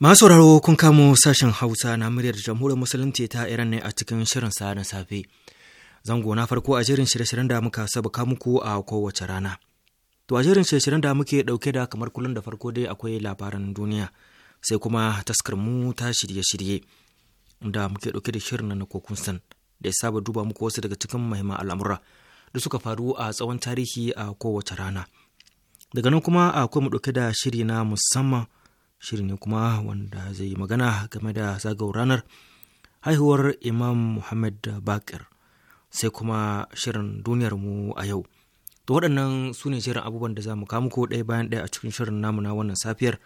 Masu sauraro kun kamo sashen Hausa na muryar Jamhuriyar Musulunci ta Iran ne a cikin shirin sa na safe. Zango na farko a jerin shirye-shiryen da muka sabuka muku a kowace rana. To a jerin shirye-shiryen da muke dauke da kamar kullun da farko dai akwai labaran duniya sai kuma taskar mu ta shirye-shirye da muke dauke da shirin na kokun san da ya saba duba muku wasu daga cikin muhimman al'amura da suka faru a tsawon tarihi a kowace rana. Daga nan kuma akwai mu dauke da shiri na musamman shirin ne kuma wanda zai yi magana game da zagawar ranar haihuwar imam muhammad bakir sai kuma shirin duniyar mu a yau to waɗannan su ne shirin abubuwan da za mu kamu ko ɗaya bayan ɗaya a cikin shirin namu na wannan safiyar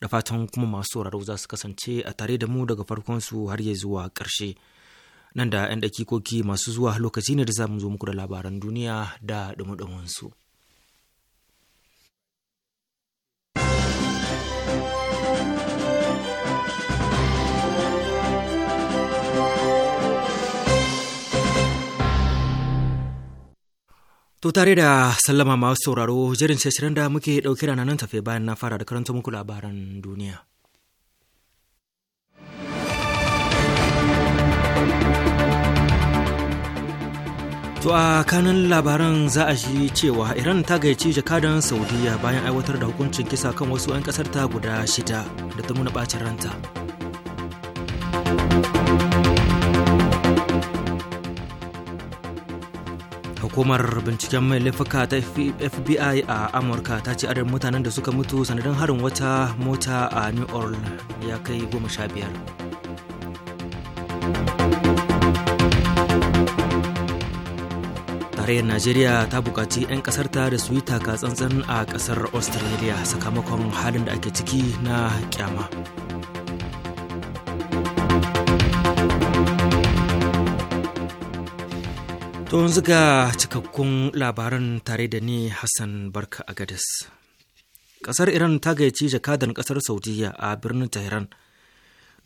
da fatan kuma masu sauraro za su kasance a tare da mu daga farkon su har ya zuwa ƙarshe nan da 'yan dakikoki masu zuwa lokaci ne da za mu zo muku da labaran duniya da ɗumuɗumin su. To tare da sallama masu sauraro jirin shirin da muke ɗauki ranar nan tafe bayan na fara da karanta muku labaran duniya. To a kanan labaran za a shi cewa Iran ta gaici jakadan Saudiya bayan aiwatar da hukuncin kisa kan wasu 'yan kasar ta guda shida da ta nuna ɓacin ranta. hukumar binciken mai laifuka ta fbi a amurka ta ci adadin mutanen da suka mutu sanadin harin wata mota a new orleans ya kai goma sha biyar tarayyar najeriya ta bukaci 'yan kasarta da su yi taka tsantsan a kasar australia sakamakon halin da ake ciki na kyama. To yanzu ga cikakkun labaran tare da ni Hassan Barka a Gadas. Kasar Iran ta gayyaci jakadan ƙasar Saudiya a birnin Tehran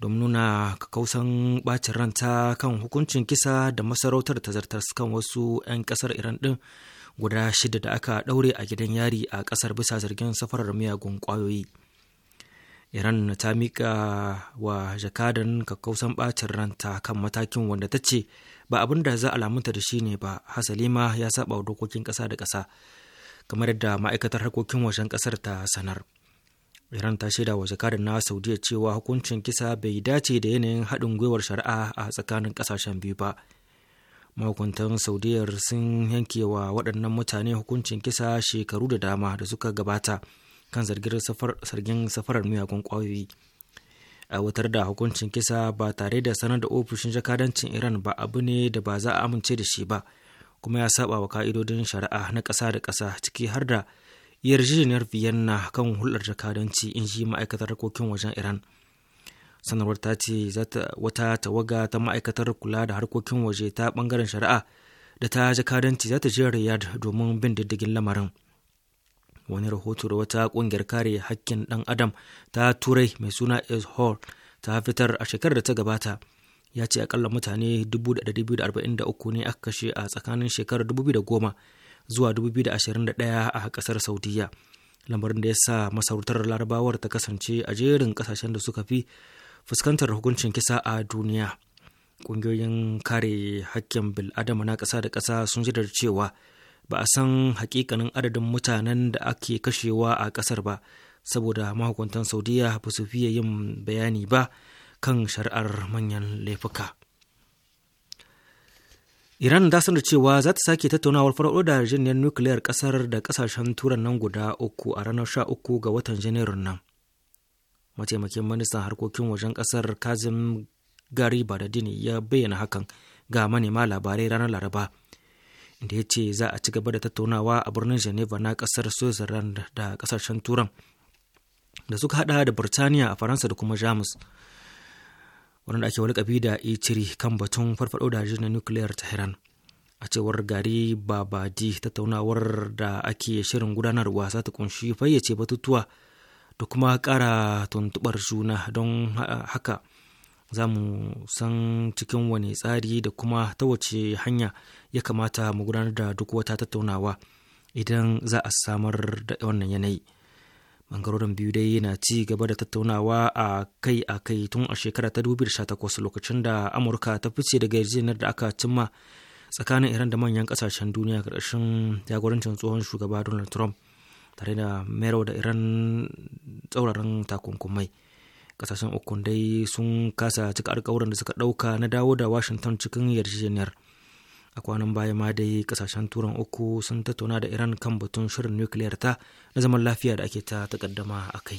domin nuna kakausan bacin ranta kan hukuncin kisa da masarautar ta zartar kan wasu 'yan ƙasar Iran ɗin guda shida da aka ɗaure a gidan yari a ƙasar bisa zargin safarar miyagun ƙwayoyi. Iran ta miƙa wa jakadan kakkausan bacin ranta kan matakin wanda ta ce ba abin da za a lamunta da shi ne ba hasalima ya saba dokokin ƙasa da ƙasa kamar yadda ma'aikatar harkokin wajen ƙasar ta sanar iran ta shaida wa jakadar na saudiya cewa hukuncin kisa bai dace da yanayin haɗin gwiwar shari'a a tsakanin ƙasashen biyu ba mahukuntan saudiyar sun yanke wa waɗannan mutane hukuncin kisa shekaru da dama da suka gabata kan zargin safarar miyagun ƙwayoyi aiwatar da hukuncin kisa ba tare da sanar da ofishin jakadancin iran ba abu ne da ba za a amince da shi ba kuma ya saba wa ka'idodin shari'a na ƙasa da kasa ciki har da yarjejeniyar vienna kan hulɗar jakadanci in ji ma'aikatar harkokin wajen iran sanarwar ta ce wata tawaga ta ma'aikatar kula da harkokin waje ta bangaren shari'a da ta jakadanci za ta je riyadh domin bin diddigin lamarin wani rahoto da wata kungiyar kare hakkin dan adam ta turai mai suna is hall ta fitar a shekarar da ta gabata ya ce akalla mutane 243 ne aka kashe a tsakanin shekarar 2010 zuwa 2021 a kasar saudiya lamarin da ya sa masarautar larabawar ta kasance a jerin kasashen da suka fi fuskantar hukuncin kisa a duniya ƙungiyoyin kare hakkin bil'adama na ƙasa da kasa sun jidar cewa ba a san hakikanin adadin mutanen da ake kashewa a kasar ba saboda mahukuntan saudiya ba su fiye yin bayani ba kan shari'ar manyan laifuka iran ta sanar cewa za ta sake tattaunawar farko da jiniyar nukiliyar ƙasar da kasashen turan nan guda uku a ranar sha uku ga watan janairun nan mataimakin ministan harkokin wajen ƙasar kazim gariba da dini ya bayyana hakan ga manema labarai ranar laraba da ya ce za a ci gaba da tattaunawa a birnin geneva na kasar switzerland da kasashen turan da suka hada da burtaniya a faransa da kuma jamus wanda ake kabi da iciri kan batun farfaɗo da jirgin nukiliyar tehran a cewar gari babadi tattaunawar da ake shirin gudanarwa za ta kunshi fayyace batutuwa da kuma kara tuntuɓar juna don haka za mu san cikin wani tsari da kuma ta wace hanya ya kamata mu gudanar da duk wata tattaunawa idan za a samar da wannan yanayi bangarorin biyu dai yana ci gaba da tattaunawa a kai a kai tun a shekara ta 2018 lokacin da amurka ta fice daga yarjejeniyar da aka cimma tsakanin iran da manyan kasashen duniya ƙarshen jagorancin tsohon shugaba donald trump tare da mero da iran tsauraran takunkumai kasashen ukun dai sun kasa cika alkawuran da suka dauka na dawo da washington cikin yarjejeniyar a kwanan baya ma dai kasashen turan uku sun tattauna da iran kan batun shirin nukiliyar ta na zaman lafiya da ake ta takaddama a kai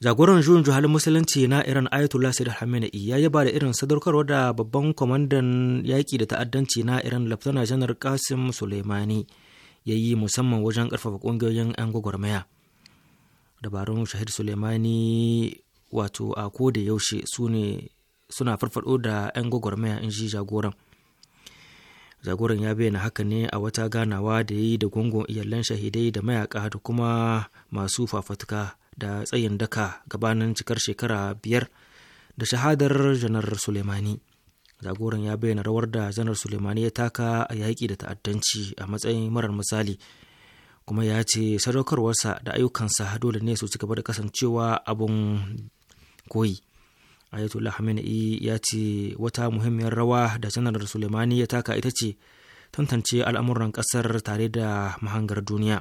jagoran juyin juhalin musulunci na iran ayatollah sayyid khamenei ya yaba da irin sadaukarwa da babban kwamandan yaƙi da ta'addanci na iran laftana janar kasim suleimani ya yi musamman wajen karfafa ƙungiyoyin 'yan gwagwarmaya dabarun shahid suleimani wato a koda yaushe su suna farfado da 'yan gwagwarmaya in ji jagoran jagoran ya bayyana haka ne a wata ganawa da ya yi da gungun iyalan shahidai da mayaka da kuma masu fafatuka da tsayin daka gabanin cikar shekara biyar da shahadar janar suleimani jagoran ya bayyana rawar da janar suleimani ya taka a yaƙi da ta'addanci a matsayin marar misali kuma ya ce sadaukarwarsa da ayyukansa dole ne su ci gaba da kasancewa abun koyi ayatollah khamenei ya ce wata muhimmiyar rawa da janar suleimani ya taka ita ce tantance al'amuran kasar tare da mahangar duniya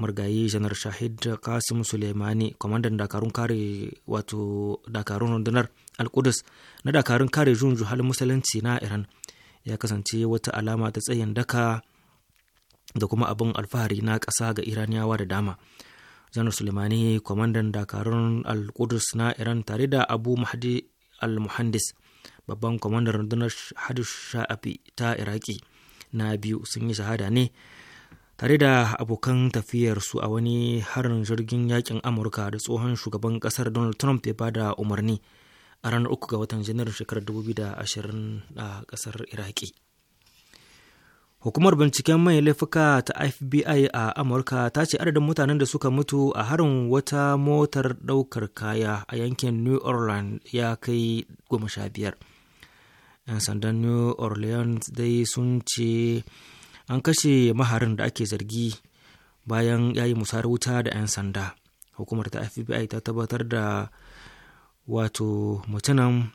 margayi janar shahid kasim suleimani kwamandan dakarun kare wato dakarun rundunar alkudus na dakarun kare junju halin musulunci na iran ya kasance wata alama ta tsayin daka da kuma abin alfahari na ƙasa ga iraniyawa da dama janar sulemani kwamandan dakarun al-qudus na iran tare da abu mahdi al-muhandis babban kwamandan rundunar hadish sha'afi ta iraki na biyu sun yi shahada ne tare da abokan tafiyarsu a wani harin jirgin yakin amurka da tsohon shugaban kasar donald trump ya bada umarni a ranar uku ga watan janairun shekarar 2020 a kasar iraki Hukumar binciken mai laifuka ta FBI a Amurka ta ce adadin mutanen da suka mutu a harin wata motar ɗaukar kaya a yankin New Orleans ya kai goma sha biyar. 'Yan sandan New Orleans dai sun ce an kashe maharin da ake zargi bayan ya yi musayar wuta da 'yan sanda. Hukumar ta FBI ta tabbatar da wato mutanen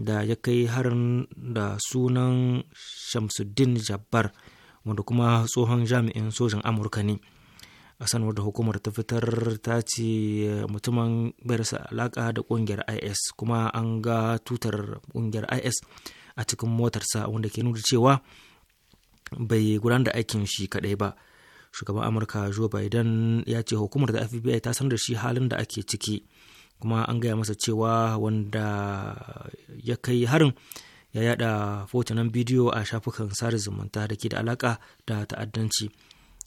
da ya kai harin da sunan Shamsuddin Jabbar. wanda kuma tsohon jami'in sojan amurka ne a sanarwar da hukumar ta fitar ta ce mutumin bayarsa alaka da kungiyar is kuma an ga tutar kungiyar is a cikin motarsa wanda ke nuna cewa bai gudanar da aikin shi kadai ba shugaban amurka joe biden ya ce hukumar da fbi ta sanar da shi halin da ake ciki kuma an gaya masa cewa wanda ya kai harin ya yada fotunan bidiyo a shafukan sada zumunta da ke da alaka da ta'addanci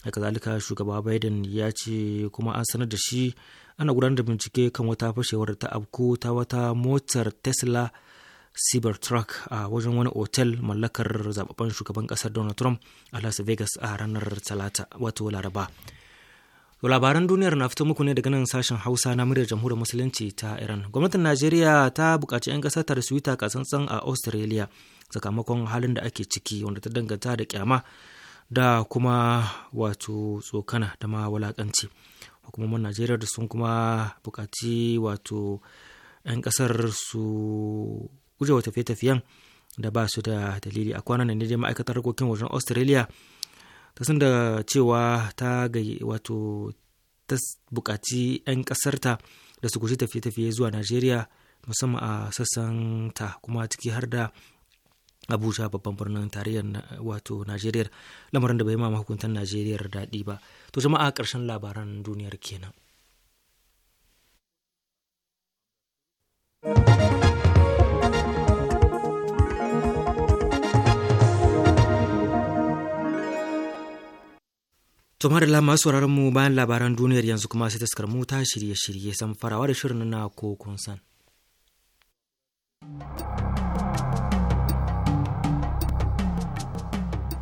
a kazalika shugaba biden ya ce kuma an sanar da shi ana gudanar da bincike kan wata fashewar ta abku ta wata motar tesla cybertruck a wajen wani otel mallakar zababben shugaban kasar donald trump a las vegas a ranar talata wato laraba To labaran duniyar na fito muku ne daga nan sashen Hausa na muryar jamhuriyar Musulunci ta Iran. Gwamnatin Najeriya ta buƙaci 'yan ƙasar ta da su a Australia sakamakon halin da ake ciki wanda ta danganta da kyama da kuma wato tsokana da ma wulaƙanci. Hukumomin Najeriya da sun kuma buƙaci wato 'yan ƙasar su gujewa tafiye-tafiyen da ba su da dalili a kwanan ne dai ma'aikatar harkokin wajen Australia ta sun da cewa ta gayi wato ta bukaci 'yan ƙasarta da su guji tafiye-tafiye zuwa najeriya musamman a sassan ta kuma ciki har da abuja babban birnin tarayyar wato najeriya lamarin da bai ma hukuntar najeriya daɗi ba to jama'a ƙarshen labaran duniyar kenan. thank To da masu sauraron mu bayan labaran duniyar yanzu kuma sai taskar mu ta shirye-shirye san farawa da shirin na ko san.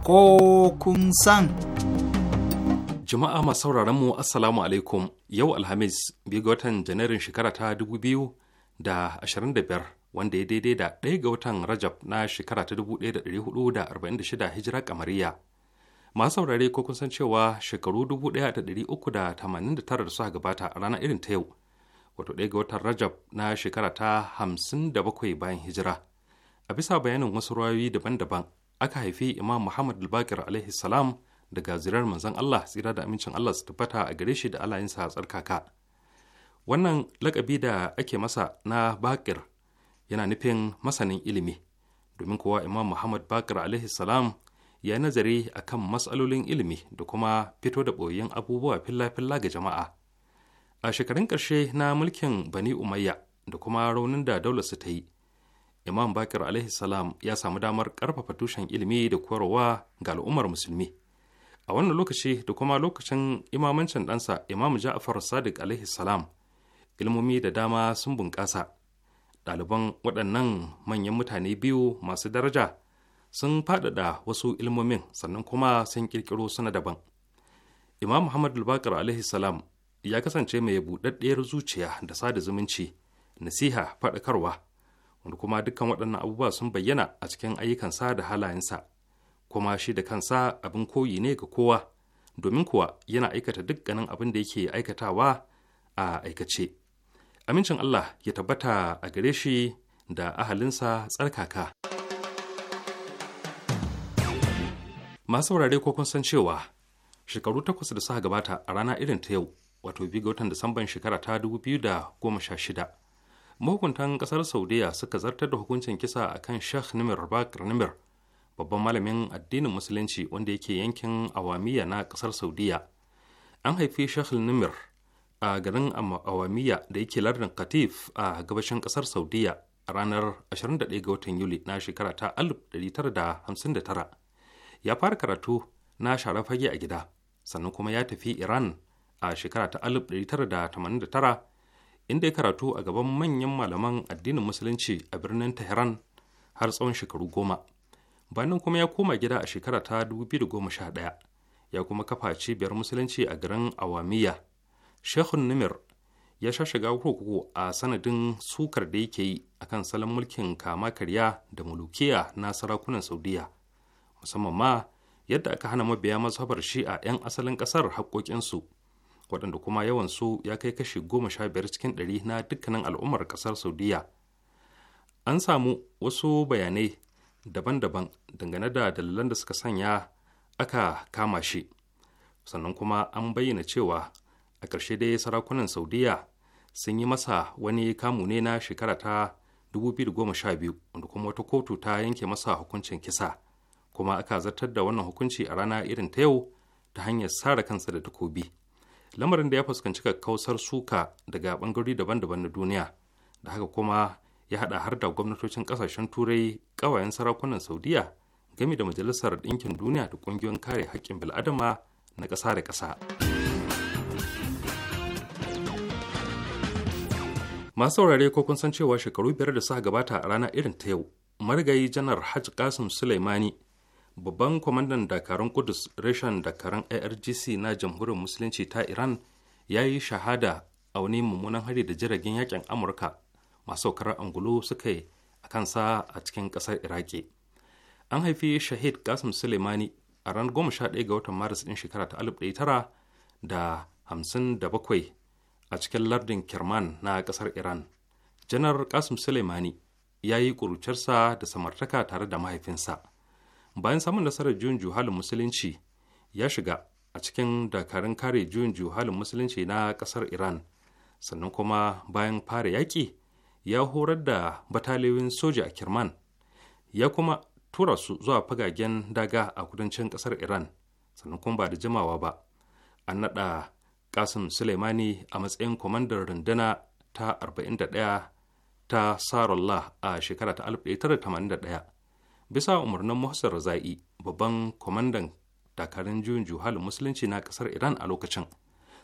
Ko kun san. Jama'a masu sauraron mu Assalamu alaikum yau Alhamis biyu ga watan Janairun shekara ta dubu biyu da ashirin da biyar wanda ya daidai da ɗaya ga watan Rajab na shekara ta dubu ɗaya da ɗari hudu da arba'in da shida hijira kamariya. masu saurare ko kusan cewa shekaru 1389 da suka gabata a ranar irin ta yau wato ɗaya ga watan rajab na shekara ta 57 bayan hijira a bisa bayanin wasu rayoyi daban-daban aka haifi imam muhammad albakir alaihi salam daga zirar manzon allah tsira da amincin allah su tabbata a gare shi da alayinsa a tsarkaka wannan lakabi da ake masa na bakir yana nufin masanin ilimi domin kowa imam muhammad bakir alaihi salam ya nazari a kan matsalolin ilimi da kuma fito da ɓoyin abubuwa filla-filla ga jama'a. A shekarun ƙarshe na mulkin Bani Umayya da kuma raunin da su ta yi, Imam Bakir alaihi salam ya samu damar ƙarfafa tushen ilimi da koyarwa ga al'ummar musulmi. A wannan lokaci da kuma lokacin imamancin ɗansa Imam Ja'far Sadiq alaihi salam, ilmomi da dama sun bunƙasa. Ɗaliban waɗannan manyan mutane biyu masu daraja sun faɗaɗa wasu ilmomin sannan kuma sun ƙirƙiro suna daban imam muhammad bakar alaihi salam ya kasance mai buɗaɗɗiyar zuciya da sada zumunci nasiha faɗakarwa wanda kuma dukkan waɗannan abubuwa sun bayyana a cikin ayyukansa da halayensa kuma shi da kansa abin koyi ne ga kowa domin kuwa yana aikata dukkanin abin da yake aikatawa a aikace amincin allah ya tabbata a gare shi da ahalinsa tsarkaka. masu wurare ko kun san cewa shekaru takwas da suka gabata a rana irin ta yau wato biyu ga watan disamban shekara ta dubu biyu da goma sha shida mahukuntan kasar saudiya suka zartar da hukuncin kisa a kan shah nimir bakar nimir babban malamin addinin musulunci wanda yake yankin awamiya na kasar saudiya an haifi shah nimir a garin awamiya da yake lardin katif a gabashin kasar saudiya a ranar 21 ga watan yuli na shekara ta 1959 ya fara karatu na share fage a gida sannan kuma ya tafi iran a shekara ta 1989 inda ya karatu a gaban manyan malaman addinin musulunci a birnin tehran har tsawon shekaru goma bayan kuma ya koma gida a shekara ta 2011 ya kuma kafa cibiyar musulunci a garin awamiya shehun nimir ya sha shiga kurkuku a sanadin sukar da yake yi akan salon mulkin kama karya da mulukiya na sarakunan saudiya musamman ma yadda aka hana mabiya mazhabar a 'yan asalin ƙasar haƙoƙinsu waɗanda kuma yawansu ya kai kashi goma sha biyar cikin ɗari na dukkanin al'ummar ƙasar saudiyya an samu wasu bayanai daban-daban dangane da dalilan da suka sanya aka kama shi sannan kuma an bayyana cewa a ƙarshe dai sarakunan saudiyya sun yi masa wani kamu ne na shekara ta 2012 wanda kuma wata kotu ta yanke masa hukuncin kisa kuma aka zartar da wannan hukunci a rana irin ta yau ta hanyar sare kansa da takobi lamarin da ya fuskanci kakkausar suka daga bangarori daban-daban na duniya da haka kuma ya hada har da gwamnatocin kasashen turai kawayen sarakunan saudiya game da majalisar ɗinkin duniya da ƙungiyoyin kare haƙƙin bil'adama na ƙasa da ƙasa masu saurare ko kun san cewa shekaru biyar da suka gabata a rana irin ta yau marigayi janar hajj kasim suleimani babban kwamandan dakarun kudus reshen dakarun irgc na jamhuriyar musulunci ta iran ya yi shahada a wani mummunan hari da jiragen yakin amurka masu saukar angulu suka yi a kansa a cikin kasar iraki an haifi shahid kasim suleimani a ran 11 ga watan maris ɗin shekara ta bakwai, a cikin lardin kirman na ƙasar iran janar kasim suleimani ya yi ƙuruciyarsa da samartaka tare da mahaifinsa bayan samun nasarar juyin juhalin musulunci ya shiga a cikin dakarun kare juyin juhalin musulunci na kasar iran sannan kuma bayan fara yaƙi ya horar da bataliyoyin soja a kirman ya kuma tura su zuwa fagagen daga a kudancin kasar iran sannan kuma ba da jimawa ba an naɗa kasim suleimani a matsayin kwamandar rundunar ta 41 ta sarullah a shekara ta 1981 bisa umarnin muhassar raza'i babban kwamandan dakarun juyin juhalin musulunci na kasar iran a lokacin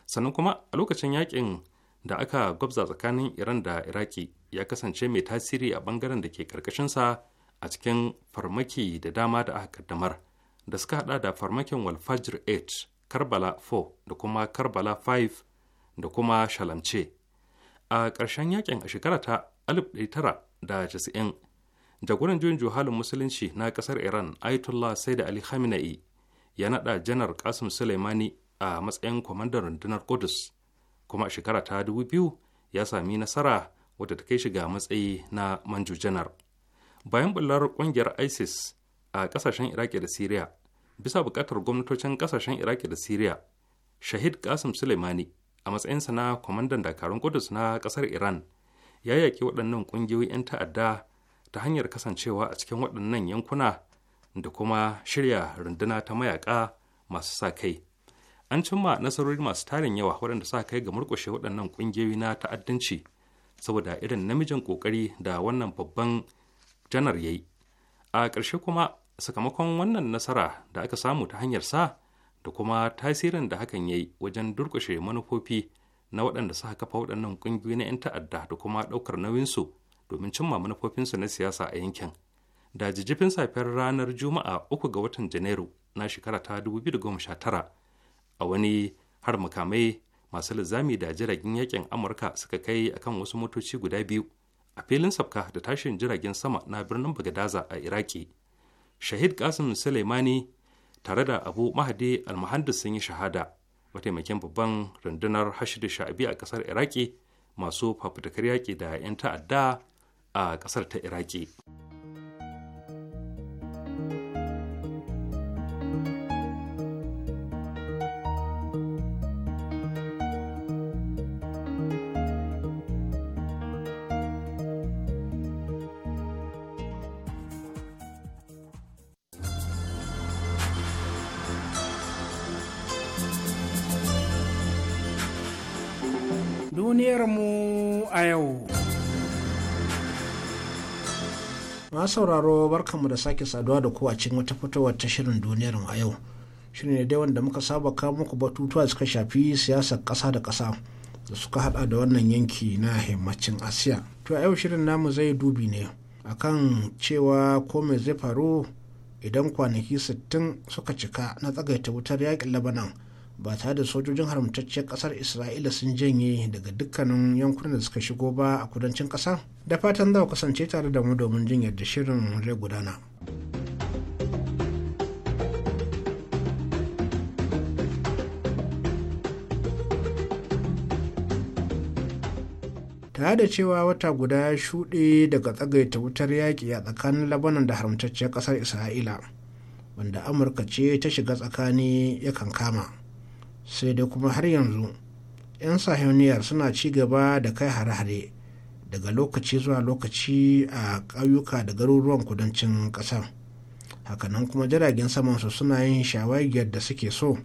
sannan kuma a lokacin yakin da aka gwabza tsakanin iran da iraki ya kasance mai tasiri a bangaren da ke karkashinsa a cikin farmaki da dama da aka kaddamar da suka hada da farmakin walfajr 8 karbala 4 da kuma karbala 5 da kuma shalamce a ƙarshen yakin a shekara ta 1990 jagoran juyin juhalin musulunci na kasar iran ayatollah da ali khamenei ya nada janar kasim suleimani a matsayin kwamandan rundunar kudus kuma a shekara ta dubu biyu, ya sami nasara wadda ta kai shi ga matsayi na manju janar bayan bullar kungiyar isis a kasashen iraki da siriya bisa bukatar gwamnatocin kasashen iraki da siriya shahid kasim suleimani a matsayinsa na kwamandan dakarun kudus na kasar iran ya yaƙi waɗannan ƙungiyoyin 'yan ta'adda ta hanyar kasancewa a cikin waɗannan yankuna da kuma shirya runduna ta mayaka masu sa kai an cimma nasarori masu tarin yawa waɗanda sa kai ga murƙushe waɗannan ƙungiyoyi na ta'addanci saboda irin namijin ƙoƙari da wannan babban janar ya yi a ƙarshe kuma sakamakon wannan nasara da aka samu ta hanyar sa da kuma tasirin da hakan ya yi wajen durƙushe manufofi na waɗanda suka kafa waɗannan ƙungiyoyi na 'yan ta'adda da kuma ɗaukar nauyinsu domin cimma manufofinsu na siyasa a yankin da jijjifin safiyar ranar juma'a 3 ga watan janairu na shekara ta 2019 a wani har makamai masu lizami da jiragen yakin amurka suka kai akan wasu motoci guda biyu a filin sabka da tashin jiragen sama na birnin bagadaza a iraki shahid kasim suleimani tare da abu mahadi almahandis sun yi shahada mataimakin babban rundunar hashidu sha'abi a kasar iraki masu fafutukar yaƙi da 'yan ta'adda a ƙasar ta iraki duniyarmu a yau. na sauraro barkanmu da sake saduwa da ku a cikin wata fitowar ta shirin duniyar a yau shirin ne dai wanda muka saba kawo muku batutuwa suka shafi siyasar ƙasa da ƙasa da suka hada da wannan yanki na himmacin asiya to a yau shirin namu zai dubi ne akan cewa ko me zai faru idan kwanaki 60 suka cika na tsagaita wutar yakin labanan ba tare da sojojin haramtacciyar kasar isra'ila sun janye daga dukkanin yankunan da suka shigo ba a kudancin kasar da fatan za kasance tare da mu domin jin yadda shirin zai gudana tare da cewa wata guda ya shuɗe daga tsagaita wutar yaƙi a tsakanin labanan da haramtacciyar ƙasar isra'ila wanda amurka ce ta shiga tsakani ya kankama kama sai dai kuma har yanzu 'yan sahiyoniyar suna ci gaba da kai hare-hare daga lokaci zuwa lokaci a ƙauyuka da garuruwan kudancin ƙasar hakanan kuma jiragen samansu suna yin shawagiyar da suke so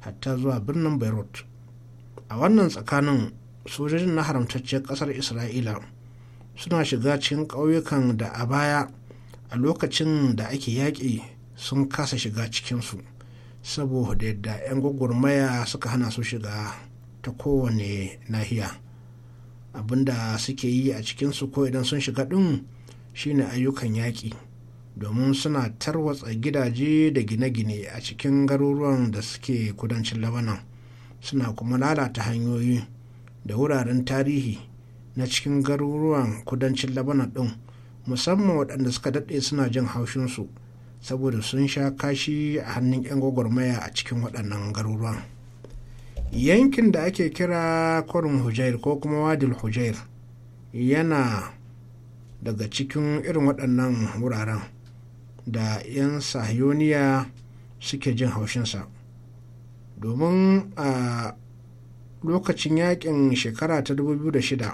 hatta zuwa birnin beirut a wannan tsakanin sojojin na haramtacciyar ƙasar isra'ila suna shiga cikin ƙauyukan da a baya a lokacin da ake yaƙi sun kasa shiga cikinsu saboda yadda 'yan gwagwarmaya suka hana su shiga ta kowane nahiya abinda suke yi a cikinsu ko idan sun shiga ɗin shine ayyukan yaƙi domin suna tarwatsa gidaje da gine-gine a cikin garuruwan da suke kudancin labanan suna kuma lalata hanyoyi da wuraren tarihi na cikin garuruwan kudancin labanan ɗin musamman waɗanda suka daɗe suna jin haushinsu saboda sun sha kashi a hannun 'yan gwagwarmaya a cikin waɗannan garuruwan yankin da ake kira kwarin hujair ko kuma wadil hujair yana daga cikin irin waɗannan wuraren da 'yan sahiyoniya suke jin haushinsa domin a lokacin yakin shekara ta 2006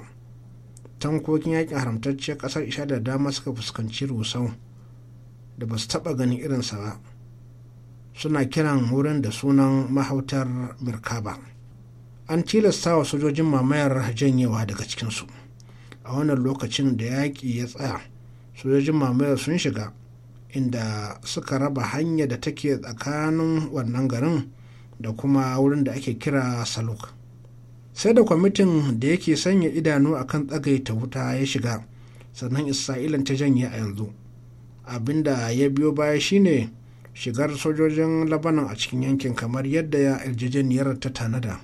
tankokin yakin haramtacciyar ƙasar isha da dama suka fuskanci rusau da ba su taɓa ganin irinsa ba suna kiran wurin da sunan mahautar mirkaba an tilasta wa sojojin mamayar janyewa daga cikinsu a wannan lokacin da yaƙi ya tsaya sojojin mamayar sun shiga inda suka raba hanya da take tsakanin wannan garin da kuma wurin da ake kira saluk sai da kwamitin da yake sanya idanu akan tsagaita wuta ya shiga sannan isra'ilan ta janye a yanzu Abin da ya biyo baya shine shigar sojojin labanan a cikin yankin kamar yadda ya yarjejeniyar ta tanada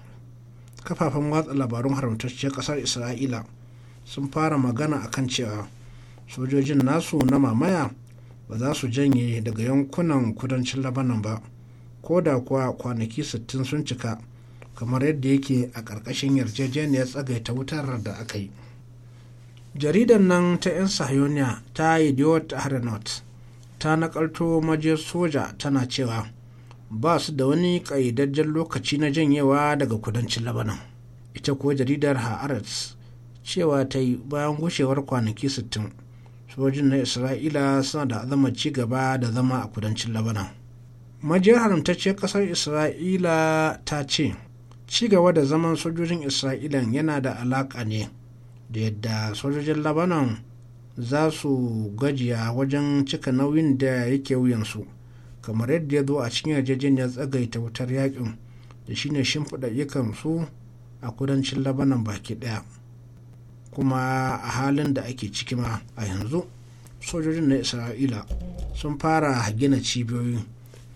kafafen watsa labarun haramtacciyar kasar isra'ila sun fara magana a kan cewa sojojin nasu na mamaya ba za su janye daga yankunan kudancin labanan ba ko da kuwa kwanaki 60 sun cika kamar yadda yake a ƙarƙashin yarjejeniyar tsagaita wutar da aka yi jaridar nan ta 'yan sahiyoniya ta yi ta haranot ta nakalto majiyar soja tana cewa ba su da wani ƙayyadajjen lokaci na janyewa daga kudancin labanan ita ko jaridar haaretz cewa ta yi bayan gushewar kwanaki 60 sojin na isra'ila suna da zama ci gaba da zama a kudancin labanan majiyar haramtacce kasar isra'ila ta ce ci gaba da zaman sojojin isra'ilan yana da alaƙa ne da yadda sojojin labanon za su gajiya wajen cika nauyin da yake wuyansu kamar yadda ya zo a cikin yarjejeniyar tsagaita wutar yakin da shine shimfiɗa su a kudancin labanan baki ɗaya kuma a halin da ake ciki ma a yanzu sojojin na isra'ila sun fara gina cibiyoyi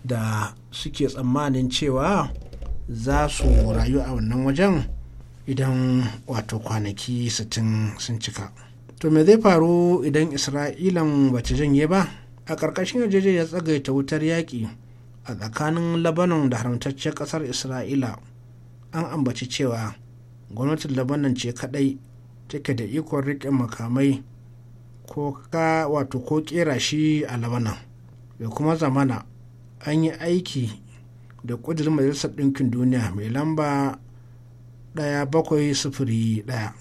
da suke tsammanin cewa za su rayu a wannan wajen idan wato kwanaki 60 sun cika to me zai faru idan isra'ilan bata janye ba a ƙarƙashin yarjejeniyar tsagaita wutar yaƙi a tsakanin labanon da haramtaccen ƙasar isra'ila an ambaci cewa gwamnatin labanon ce kaɗai take da ikon riƙe makamai ko ka wato ko ƙera shi a labanon da kuma zamana an yi aiki da ƙudurin majalisar ɗinkin duniya mai lamba 1701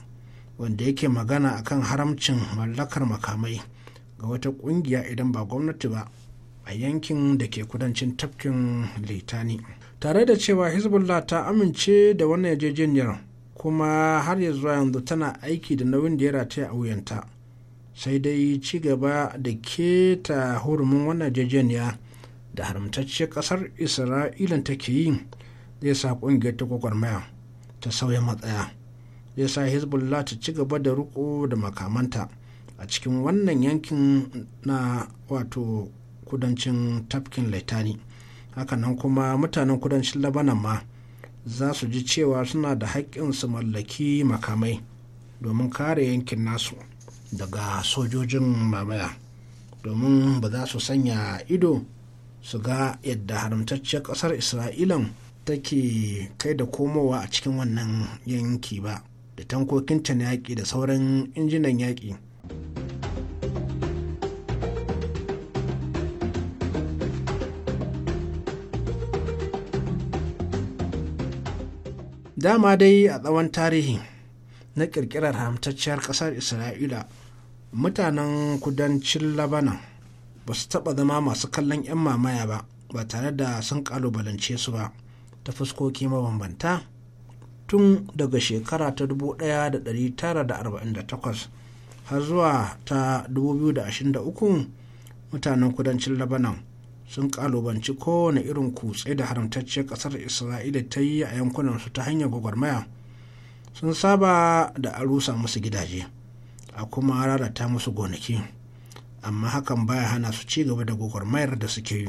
wanda yake magana akan haramcin mallakar makamai ga wata kungiya idan ba gwamnati ba a yankin da ke kudancin tafkin litani tare da cewa hezbollah ta amince da wannan yarjejeniyar kuma har yanzu yanzu tana aiki da nauyin da ya rataya a wuyanta sai dai ci gaba da keta hurumin wannan yarjejeniya da haramtacciyar kasar isra'ila take yi zai sa kungiyar ta gwagwarmaya ta sauya matsaya zai sa hezbollah ta ci gaba da riko da makamanta a cikin wannan yankin na wato kudancin tafkin laitani hakanan kuma mutanen kudancin labanan ma za su ji cewa suna da haƙƙin su mallaki makamai domin kare yankin nasu daga sojojin mamaya domin ba za su sanya ido su ga yadda haramtacciyar ƙasar isra'ilan take kai da komowa a cikin wannan yanki ba da tankokin ta na yaƙi da sauran injinan yaƙi dama dai a tsawon tarihi na ƙirƙirar hamtacciyar ƙasar isra'ila mutanen kudancin labanan ba su taɓa zama masu kallon 'yan mamaya ba ba tare da sun ƙalubalance su ba ta fuskoki mabambanta tun daga shekara ta 1948 har zuwa ta 2023 mutanen kudancin labanan sun kalubanci kowane irin kutse da haramtacciyar kasar isra'ila ta yi a yankunansu ta hanyar gwagwarmaya sun saba da arusa musu gidaje a kuma rarata musu gonaki amma hakan baya hana su ci gaba da gwagwarmayar da suke yi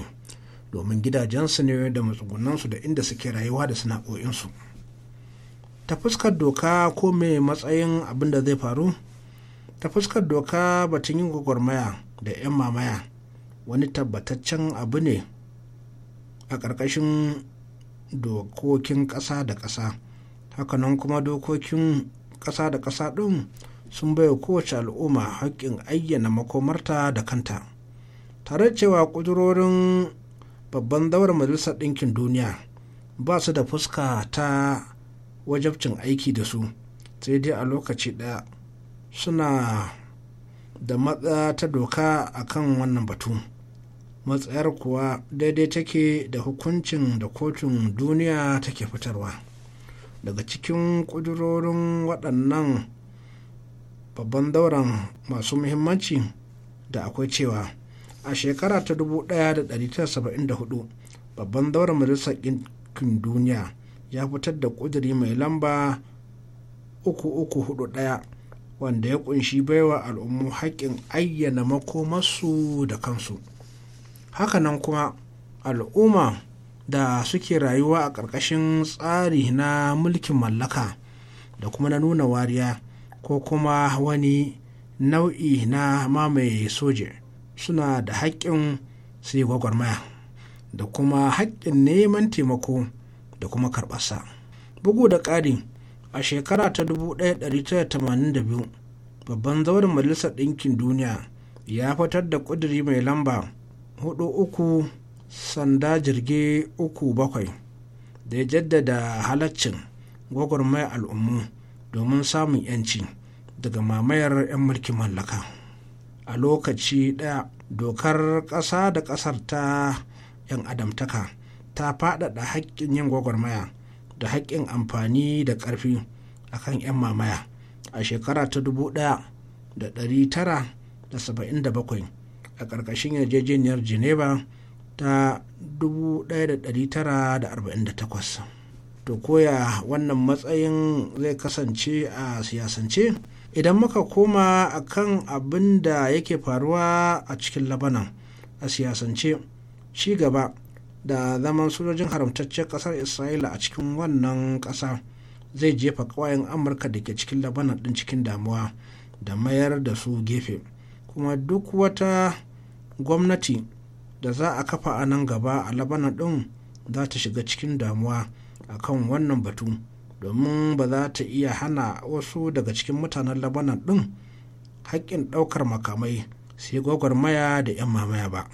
domin gidajensu ne da matsugunansu da inda suke rayuwa da sana'o'insu ta fuskar doka ko mai matsayin abin da zai faru ta fuskar doka batun yin gwagwarmaya da 'yan mamaya wani tabbataccen abu ne a ƙarƙashin dokokin ƙasa da ƙasa hakanan kuma dokokin ƙasa da ƙasa ɗin sun baiwa kowace al'umma haƙƙin ayyana makomarta da kanta tare cewa ƙudurorin babban dawar majalisar ɗinkin duniya ba su da fuska ta wajabcin aiki da su sai dai a lokaci ɗaya suna da matsa ta doka a kan wannan batu matsayar kuwa daidai take da hukuncin da kotun duniya take fitarwa daga cikin ƙudurorin waɗannan babban dauran masu muhimmanci da akwai cewa a shekara ta 1974 babban daular majalisar ɗinkin duniya ya fitar da ƙuduri mai lamba 3341 wanda ya kunshi baiwa al'ummu haƙƙin ayyana makomarsu da kansu hakanan kuma al'umma da suke rayuwa a ƙarƙashin tsari na mulkin mallaka da kuma na nuna wariya ko kuma wani nau'i na mamaye soja. suna da haƙƙin su yi gwagwarmaya da kuma haƙƙin neman taimako da kuma karɓarsa bugu da ƙari a shekara ta 1982 babban zaurin majalisar ɗinkin duniya ya fitar da ƙuduri mai lamba 4-3 sanda jirge 3-7 da ya jaddada halaccin gwagwarmaya al'ummu domin samun 'yanci daga mamayar 'yan mulkin mallaka. a lokaci ɗaya dokar ƙasa da ƙasar ta 'yan adamtaka ta faɗaɗa haƙƙin yin gwagwarmaya da haƙƙin amfani da ƙarfi a kan 'yan mamaya a shekara ta 1977 a ƙarƙashin yarjejeniyar geneva ta 1948 to koya wannan matsayin zai kasance a siyasance idan muka koma a kan abin da yake faruwa a cikin labanan a siyasance ci gaba da zaman sojojin haramtaccen kasar isra'ila a cikin wannan kasa zai jefa kawayen amurka da ke cikin labanan din cikin damuwa da mayar da su gefe kuma duk wata gwamnati da za a kafa a nan gaba a labanan din za ta shiga cikin damuwa akan wannan batu domin ba za ta iya hana wasu daga cikin mutanen labanan ɗin haƙƙin ɗaukar makamai sai gwagwarmaya da 'yan mamaya ba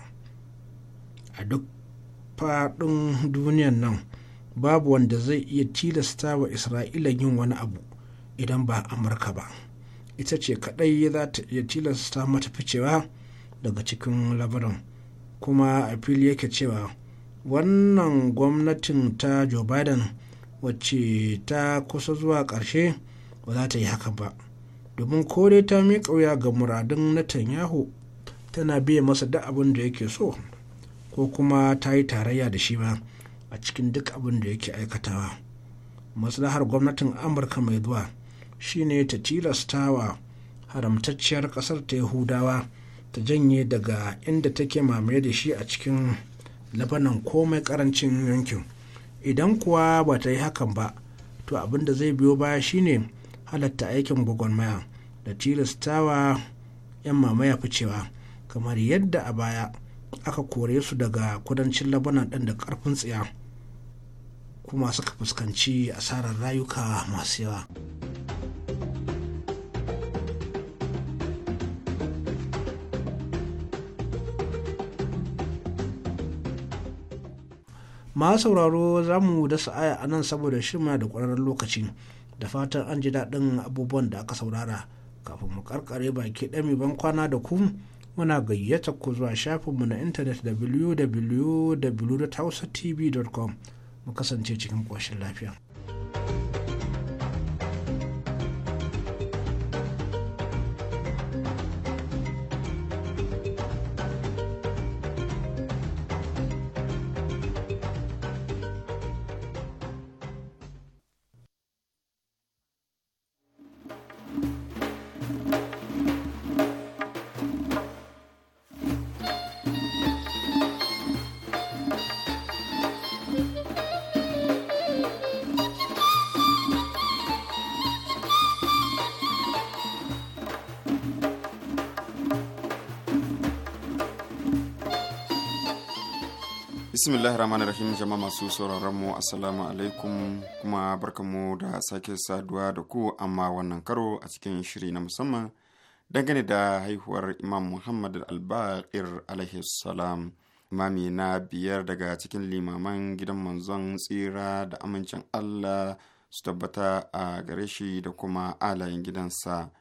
a duk faɗin duniyan nan babu wanda zai iya tilasta wa isra'ila yin wani abu idan ba amurka ba ita ce kaɗai za ta iya tilasta mata ficewa daga cikin labarin, kuma a fili yake cewa wannan gwamnatin ta joe biden wacce ta kusa zuwa ƙarshe ba za ta yi haka ba domin ko dai ta miƙa wuya ga muradun Netanyahu tana biya masa duk abin da yake so ko kuma ta yi tarayya da shi ba a cikin duk abin da yake aikatawa maslahar gwamnatin amurka mai zuwa shine ta tilasta wa haramtacciyar ƙasar ta yahudawa ta janye daga inda take mamaye da shi a cikin labanan komai ƙarancin yankin idan kuwa ba ta yi hakan ba to abin da zai biyo baya shine halatta aikin maya da tilastawa 'yan mamaya ficewa kamar yadda a baya aka kore su daga kudancin labanan ɗin da ƙarfin tsiya kuma suka fuskanci asarar rayuka masu yawa. ma sauraro za mu da aya a nan saboda shi shirma da ƙwararren lokaci da fatan an ji daɗin abubuwan da aka saurara kafin mu karkare baki mai ban kwana da ku muna gayyata ku zuwa shafinmu na intanet www.hausatv.com mu kasance cikin ƙoshin lafiya. bismillahir rahmanir rahim jama'a masu sauraron mu assalamu alaikum kuma barkamu da sake saduwa da ku amma wannan karo a cikin shiri na musamman dangane da haihuwar imam muhammad al-baqir alaihi salam imami na biyar daga cikin limaman gidan manzon tsira da amincin allah su tabbata a gare shi da kuma alayin gidansa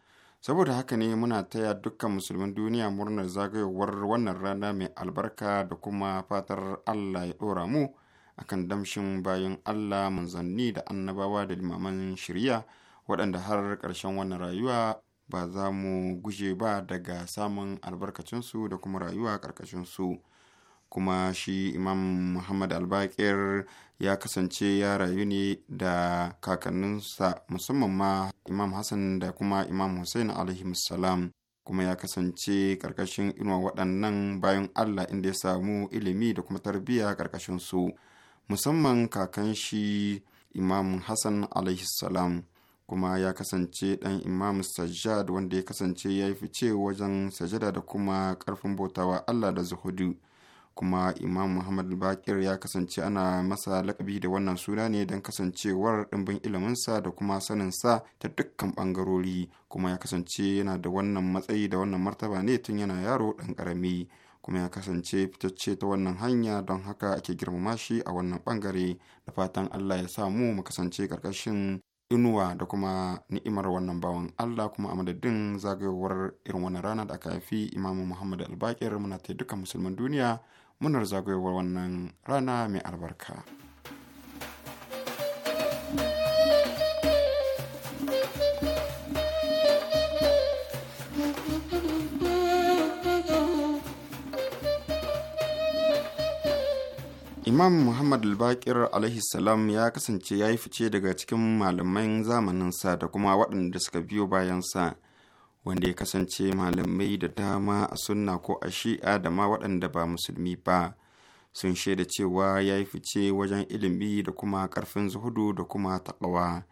saboda haka ne muna taya dukkan musulmin duniya murnar zagayowar wannan rana mai albarka da kuma fatar allah ya ɗora mu akan damshin bayan allah manzanni da annabawa da limaman shirya waɗanda har ƙarshen wannan rayuwa ba za mu guje ba daga samun albarkacinsu da kuma rayuwa ƙarƙashinsu kuma shi imam muhammad albakir ya kasance ya rayu ne da kakanninsa musamman ma imam hassan da kuma imam hussein salam kuma ya kasance karkashin inuwa waɗannan bayan allah inda ya samu ilimi da kuma tarbiyya karkashin su musamman kakan shi imam hassan salam kuma ya kasance ɗan imam sajjad wanda ya kasance ya yi fice wajen sajada da kuma ƙarfin bautawa allah da zuhudu kuma imam muhammad bakir ya kasance ana masa lakabi da wannan suna ne don kasancewar ɗimbin iliminsa da kuma saninsa ta dukkan ɓangarori kuma ya kasance yana da wannan matsayi da wannan martaba ne tun yana yaro ɗan ƙarami kuma ya kasance fitacce ta wannan hanya don haka ake girmama shi a wannan ɓangare da fatan allah ya samu mu kasance karkashin inuwa da kuma ni'imar wannan bawan Allah kuma a madadin zagayowar irin wannan rana da aka haifi imamu Muhammad Albakir muna ta dukkan musulman duniya munar zagayowar wannan rana mai albarka. imam muhammad al salam ya kasance ya yi fice daga cikin malaman zamaninsa da kuma waɗanda suka biyo bayan sa. wanda ya kasance malamai da dama a sunna ko a shi'a da ma waɗanda ba musulmi ba sun shaida cewa ya yi fice wajen ilimi da kuma ƙarfin zuhudu da kuma taƙawa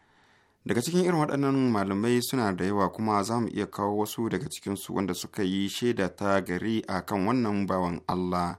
daga cikin irin waɗannan malamai suna da yawa kuma za mu iya kawo wasu daga cikinsu wanda suka yi shaida ta gari a kan wannan bawan allah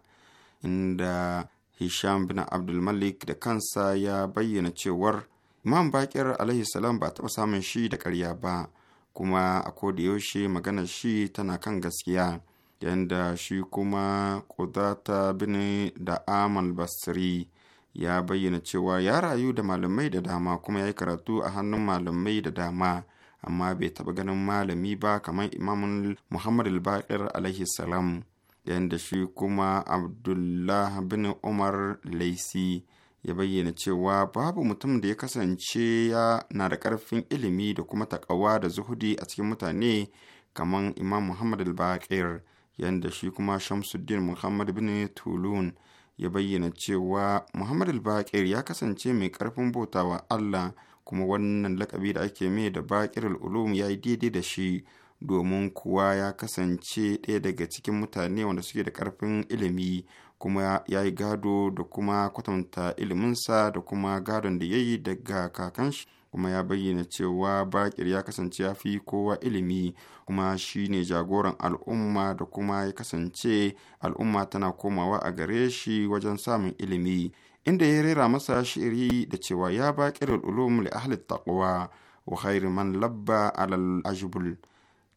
inda hisham bin abdulmalik da kansa ya bayyana cewar imam bakir alaihi salam ba taɓa samun shi da ƙarya ba kuma a yaushe magana shi tana kan gaskiya yadda shi kuma kudata bini da amal basri ya bayyana cewa ya rayu da malamai da dama kuma ya yi karatu a hannun malamai da dama amma bai taɓa ganin malami ba kamar imamun muhammad al-baqir alaihi salam yadda shi kuma abdullah bin umar laisi ya bayyana cewa babu mutum da ya kasance ya na da ƙarfin ilimi da kuma takawa da zuhudi a cikin mutane kamar imam muhammad al-baqir yadda shi kuma shamsuddin muhammad bin tulun ya bayyana cewa muhammad al-baqir ya kasance mai ƙarfin bautawa allah kuma wannan lakabi da ake mai da baƙir al-ulum ya yi daidai da shi domin kuwa ya kasance ɗaya daga cikin mutane wanda suke da ƙarfin ilimi kuma ya yi gado da kuma kwatanta iliminsa da kuma gadon da ya yi daga kakanshi kuma ya bayyana cewa bakir ya kasance ya fi kowa ilimi kuma shi ne jagoran al'umma da kuma ya kasance al'umma tana komawa a gare shi wajen samun ilimi inda ya rera masa shiri da cewa ya bakir ulum li ahli taqwa wa khairu man labba alal ajbul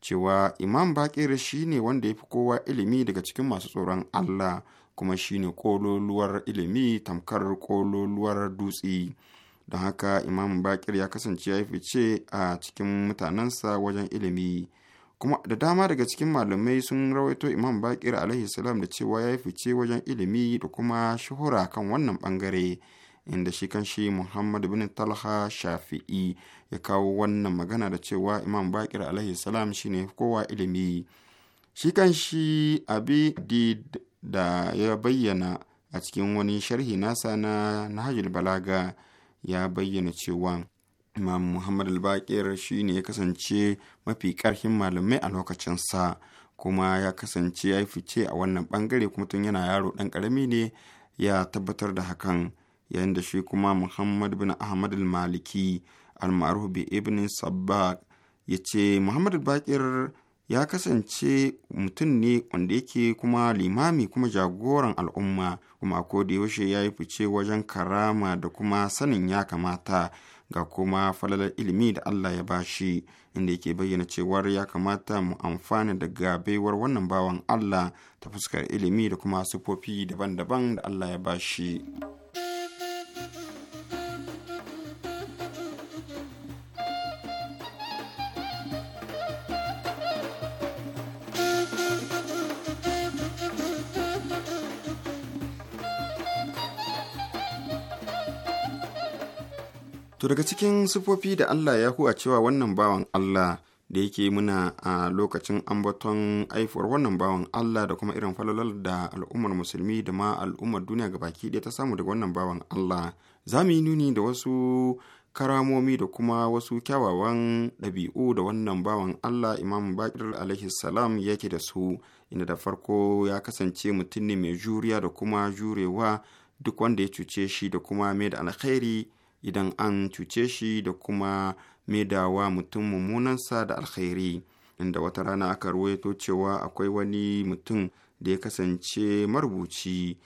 cewa imam bakir shi ne wanda ya fi kowa ilimi daga cikin masu tsoron allah kuma shine kololuwar ilimi tamkar kololuwar dutse don haka imam bakir ya kasance ya fice a cikin mutanensa wajen ilimi kuma da dama daga cikin malamai sun rawaito imam bakir alaihi salam da cewa ya fice wajen ilimi da kuma shuhura kan wannan bangare inda shi kan shi muhammad bin talha shafi'i ya kawo wannan magana da cewa imam bakir alaihi salam shine kowa ilimi shi kan shi abi da ya bayyana a cikin wani sharhi nasa na nahajul balaga ya bayyana cewa imam muhammad al shi shine ya kasance mafi karfin malamai a lokacinsa kuma ya kasance ya yi fice a wannan bangare kuma tun yana yaro dan karami ne ya tabbatar da hakan yayin da shi kuma muhammad bin ahmad al-maliki al-ma'ruf bi ibn sabbaq ya ce muhammad al-bakir ya kasance mutum ne wanda yake kuma limami kuma jagoran al'umma kuma ko da yaushe ya yi fice wajen karama da kuma sanin ya kamata ga kuma falalar ilimi da Allah ya bashi inda yake bayyana cewar ya kamata mu amfana daga baiwar wannan bawan Allah ta fuskar ilimi da kuma sufofi daban-daban da Allah ya bashi. To daga cikin sufofi da Allah ya huwa cewa wannan bawan Allah da yake muna a lokacin ambaton aifuwar wannan bawan Allah da kuma irin falalar da al'ummar musulmi da ma al'ummar duniya ga baki ɗaya ta samu daga wannan bawan Allah. Za mu yi nuni da wasu karamomi da kuma wasu kyawawan ɗabi'u da wannan bawan Allah Imam Bakir alaihi salam yake da su inda da farko ya kasance mutum ne mai juriya da kuma jurewa duk wanda ya cuce shi da kuma mai da alkhairi idan an cuce shi da kuma wa mutum mummunansa da alkhairi inda wata rana aka ruwaito cewa akwai wani mutum da ya kasance marubuci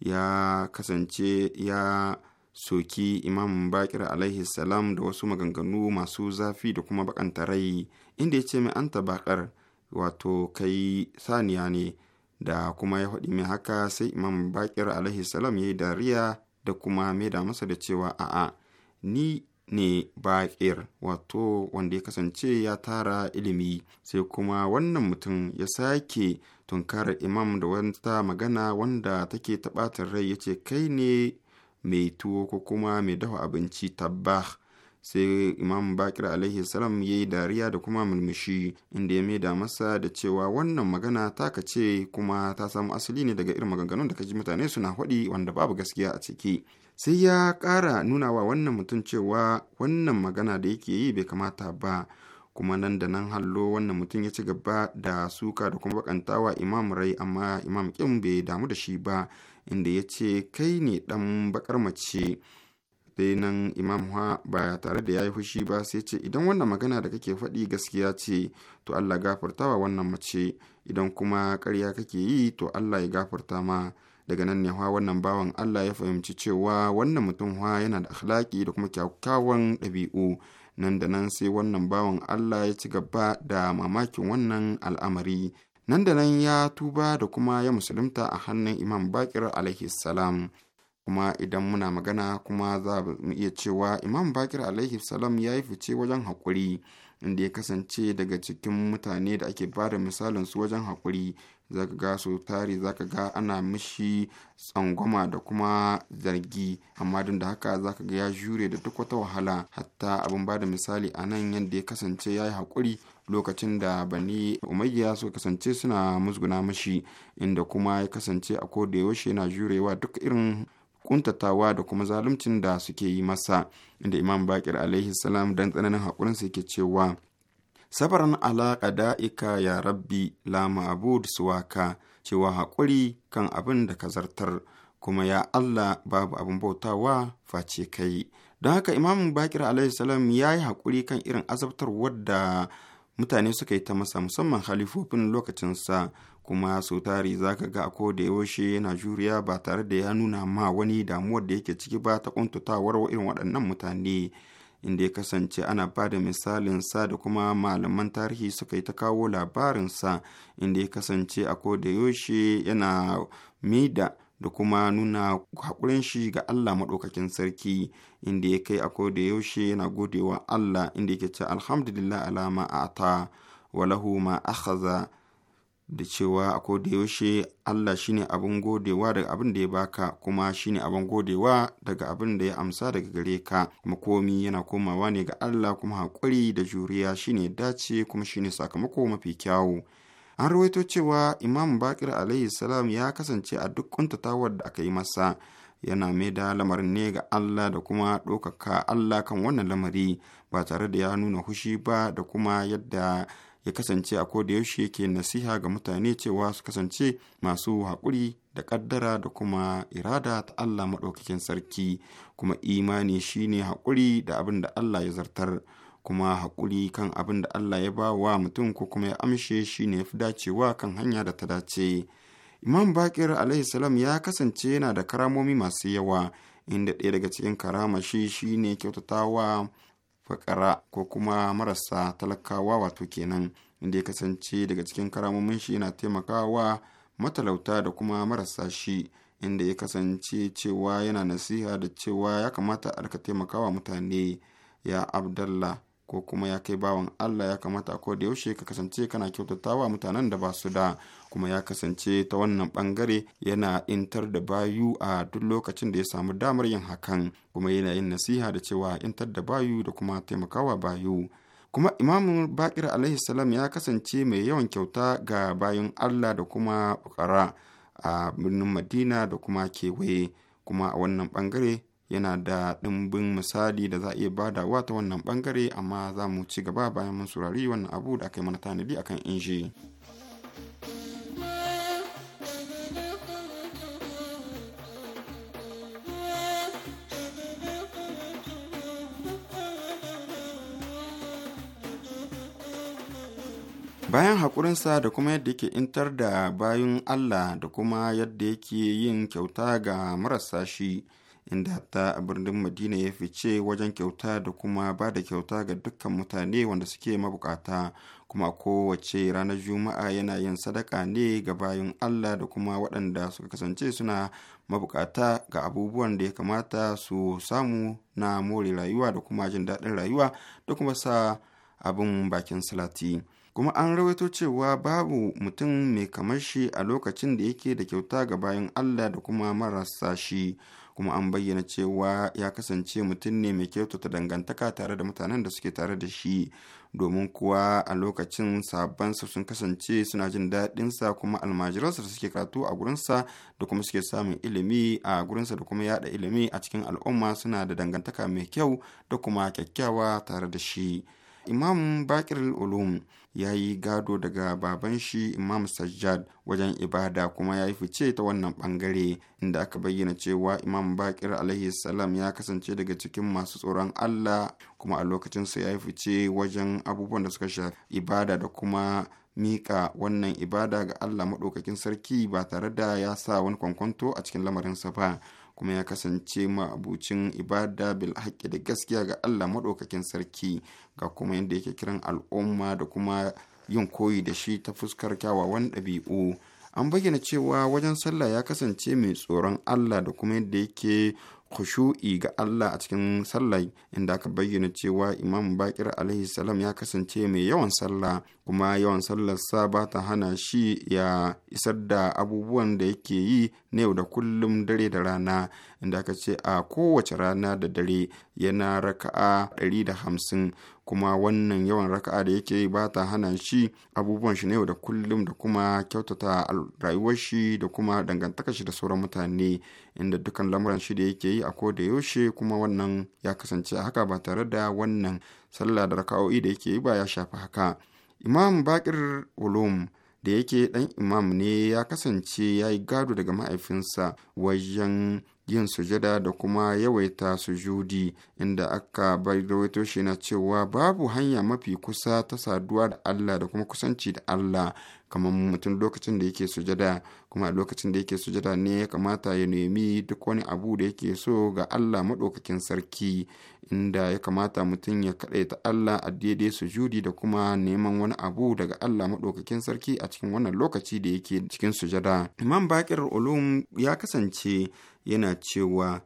ya kasance ya soki imam bakir alaihi salam da wasu maganganu masu zafi da kuma bakanta rai inda ya ce mai an tabakar wato kai saniya ne da kuma ya faɗi mai haka sai imam bakir alaihi salam ya yi dariya da kuma da masa da cewa a'a ni ne baƙir wato wanda ya kasance ya tara ilimi sai kuma wannan mutum ya sake tunkarar imam da wata magana wanda take taɓatar rai ya ce kai ne mai tuwo ko kuma mai dafa abinci tabbah sai imam bakir alaihi salam ya yi dariya da kuma mulmushi inda ya maida masa da cewa wannan magana ta ce kuma ta samu asali ne daga irin maganganun da kaji mutane suna haɗi wanda babu gaskiya a ciki sai ya kara nuna wa wannan mutum cewa wannan magana da yake yi bai kamata ba kuma nan da nan hallo wannan mutum ya ci gaba da suka da kuma bakantawa imam rai amma imam kin bai damu da shi ba inda ya ce kai ne dan bakar mace sai nan imam ha ba tare da ya yi fushi ba sai ce idan wannan magana da kake faɗi gaskiya ce to allah wa wannan mace idan kuma karya kake yi to allah ya gafarta ma daga nan ne wa wannan bawan Allah ya fahimci cewa wannan mutum hawa yana da akhlaki da kuma kyakkyawan ɗabi'u nan da nan sai wannan bawan Allah ya ci gaba da mamakin wannan al'amari nan da nan ya tuba da kuma ya musulunta a hannun imam bakir alaihi salam kuma idan muna magana kuma za mu iya cewa imam bakir alaihi salam ya yi fice wajen haƙuri inda ya kasance daga cikin mutane da ake ba da misalin su wajen haƙuri zaka ga su tari zaka ga ana mishi tsangwama da kuma zargi amma duk da haka zaka ga ya jure da duk wata wahala hatta abin ba da misali a nan yadda ya kasance ya yi haƙuri lokacin da bani umayya suka kasance suna musguna mashi inda kuma ya kasance a kodayaushe yaushe yana jurewa duk irin kuntatawa da kuma zaluncin da suke yi masa inda imam bakir alaihi salam dan tsananin sa yake cewa safaran alaƙa da'ika ya rabbi la ma'bud suwaka cewa haƙuri kan abin da ka zartar kuma ya Allah babu abin bautawa face kai don haka imam bakir alaihi salam ya yi haƙuri kan irin azabtar wadda mutane suka yi ta masa musamman halifofin lokacinsa kuma sau tari za ka ga a da yaushe yana juriya ba tare da ya nuna ma wani damuwar da yake ciki ba ta kuntatawar irin waɗannan mutane inda ya kasance ana ba da misalin sa da kuma malaman tarihi suka yi ta kawo labarinsa inda ya kasance a da yaushe yana mida da kuma nuna haƙurin shi ga Allah maɗaukakin sarki inda ya kai a da yaushe yana godewa Allah inda yake ce alhamdulillah alama a ata walahu ma akhaza da cewa a da yaushe Allah shine abin godewa daga abin da ya baka kuma shine abin godewa daga abin da ya amsa daga gare ka makomi yana komawa ne ga Allah kuma haƙuri da juriya shine dace kuma shine sakamako mafi kyawu an rawaito cewa imam bakir alaihi salam ya kasance a duk kuntatawar da aka yi masa yana mai da lamarin ne ga allah da kuma ɗaukaka allah kan wannan lamari ba tare da ya nuna hushi ba da kuma yadda ya kasance a koda yaushe yake nasiha ga mutane cewa su kasance masu haƙuri da ƙaddara da kuma irada ta allah maɗaukakin sarki kuma imani shine haƙuri da abin da allah ya zartar kuma haƙuri kan abin da Allah ya ba wa mutum ko kuma ya amshe shi ne ya fi dacewa kan hanya da ta dace. Imam Bakir alaihi salam ya kasance yana da karamomi masu yawa inda ɗaya daga cikin karamashi shi ne kyautatawa fakara ko kuma marasa talakawa wato kenan inda ya kasance daga cikin karamomin shi yana taimakawa matalauta da kuma marasa shi inda ya kasance cewa yana nasiha da cewa ya kamata a taimakawa mutane ya abdallah ko kuma ya kai bawan Allah ya kamata ko da yaushe ka kasance kana kyautatawa mutanen da ba su da kuma ya kasance ta wannan bangare yana intar da bayu a duk lokacin da ya samu damar yin hakan kuma yana yin nasiha da cewa intar da bayu da kuma taimakawa bayu kuma imamu bakir alaihi salam ya kasance mai yawan kyauta ga bayan allah da kuma bukara a birnin madina da kuma kewaye kuma a wannan bangare yana da ɗimbin misali da za a iya wa ta wannan bangare amma za mu ci gaba bayan mun saurari wannan abu da aka yi mana tanadi akan inji. bayan haƙurinsa da kuma yadda yake intar da bayan Allah da kuma yadda yake yin kyauta ga marasa shi inda hatta a birnin madina ya fice wajen kyauta da kuma ba da kyauta ga dukkan mutane wanda suke mabukata kuma kowace ranar juma'a yana yin sadaka ne ga bayan allah da kuma waɗanda suka kasance suna mabukata ga abubuwan da ya kamata su samu na more rayuwa da kuma jin daɗin rayuwa da kuma sa abin bakin salati. kuma an rawaito cewa babu mutum mai kamar shi a lokacin da yake da kyauta ga bayan Allah da kuma marasa shi kuma an bayyana cewa ya kasance mutum ne mai kyautata dangantaka tare da mutanen da suke tare da shi domin kuwa a lokacin sabansa sun kasance suna jin daɗinsa kuma almajiransa da suke karatu a gurinsa da kuma suke samun ilimi a gurinsa da kuma yada ilimi a cikin al'umma suna da dangantaka mai kyau da kuma kyakkyawa tare da shi imam bakir ulum ya yi gado daga baban shi Imam Sajjad wajen ibada kuma ya yi fice ta wannan bangare inda aka bayyana cewa Imam Bakir alaihi salam ya kasance daga cikin masu tsoron Allah kuma a lokacinsa ya yi fice wajen abubuwan da suka shafi ibada da kuma miƙa wannan ibada ga Allah maɗaukakin sarki ba tare da ya sa wani kwankwanto a cikin lamarinsa ba. kuma ya kasance ma ibada bil haƙƙi da gaskiya ga Allah maɗaukakin sarki ga kuma yadda yake kiran al'umma da kuma yin koyi da shi ta fuskar kyawawan ɗabi'u an bayyana cewa wajen sallah ya kasance mai tsoron Allah da kuma yadda yake khushu'i ga Allah a cikin sallah inda aka bayyana cewa Imam Bakir alaihi salam ya kasance mai yawan sallah kuma yawan sallar ba ta hana shi ya isar da abubuwan da yake yi na yau da kullum dare da rana inda aka ce a kowace rana da dare yana raka'a 150 kuma wannan yawan raka'a da yake yi ba ta hana shi abubuwan shi na yau da kullum da kuma kyautata rayuwar shi da kuma dangantakar shi da sauran mutane inda dukkan lamuran shi da yake yi a ko da yaushe kuma wannan ya kasance haka ba tare da wannan sallah da raka'o'i da yake yi ba ya shafi haka Imam Bakir Ulum da yake ɗan imam ne ya kasance ya yi gado daga mahaifinsa wajen yin sujada da kuma yawaita sujudi inda aka bai rawaito shi na cewa babu hanya mafi kusa ta saduwa da Allah da kuma kusanci da Allah kamar mutum lokacin da yake sujada kuma a lokacin da yake sujada ne ya kamata ya nemi duk wani abu da yake so ga Allah maɗaukakin sarki inda ya kamata mutum ya ta Allah a daidai sujudi da kuma neman wani abu daga Allah maɗaukakin sarki a cikin wannan lokaci da yake cikin sujada. Imam Bakir Ulum ya kasance yana cewa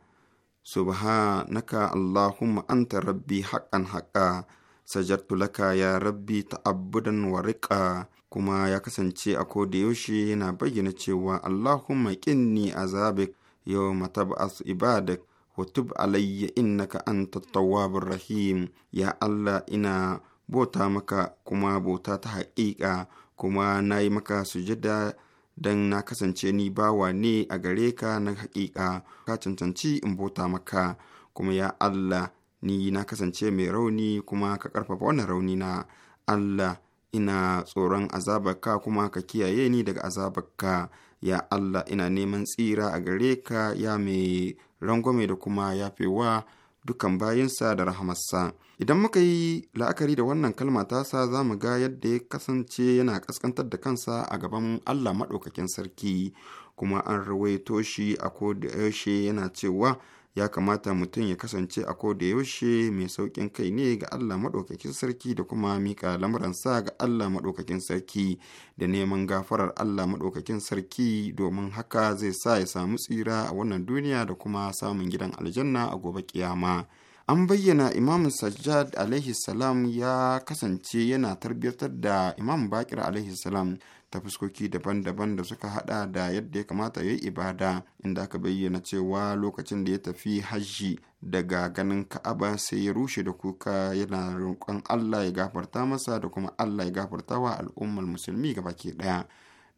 subhanaka Allahumma anta rabbi haƙan haƙa sajartu laka ya rabbi ta'abbudan wa riƙa kuma ya kasance a da yaushe yana bayyana cewa Allahumma ƙinni azabik yau matab'as ibadak wa tub alayya innaka anta tawwabur rahim ya Allah ina bota maka kuma bota ta haƙiƙa kuma nayi yi maka sujada dan na kasance ni bawa ne a gare ka na haƙiƙa ka cancanci in bota maka kuma ya Allah ni na kasance mai rauni kuma ka ƙarfafa wannan rauni na Allah ina tsoron azabarka kuma ka kiyaye ni daga azabarka ya Allah ina neman tsira a gare ka ya mai rangwame da kuma yafewa dukan bayansa da rahamarsa idan muka yi la'akari da wannan kalma tasa za mu ga yadda ya kasance yana kaskantar da kansa a gaban Allah maɗaukakin sarki kuma an rawaito shi a yaushe yana cewa ya kamata mutum ya kasance a ko da yaushe mai sauƙin kai ne ga Allah maɗaukakin sarki da kuma miƙa lamuransa ga Allah maɗaukakin sarki da neman gafarar Allah maɗaukakin sarki domin haka zai sa ya samu tsira a wannan duniya da kuma samun gidan aljanna a gobe kiyama. an bayyana imam sajjad alaihi salam ya kasance yana tarbiyyatar da imam bakir alaihi salam ta fuskoki daban-daban da suka hada da yadda ya kamata ya yi ibada inda aka bayyana cewa lokacin da ya tafi hajji daga ganin ka'aba sai ya rushe da kuka yana roƙon allah ya gafarta masa da kuma allah ya gafarta wa al'ummar musulmi ke ɗaya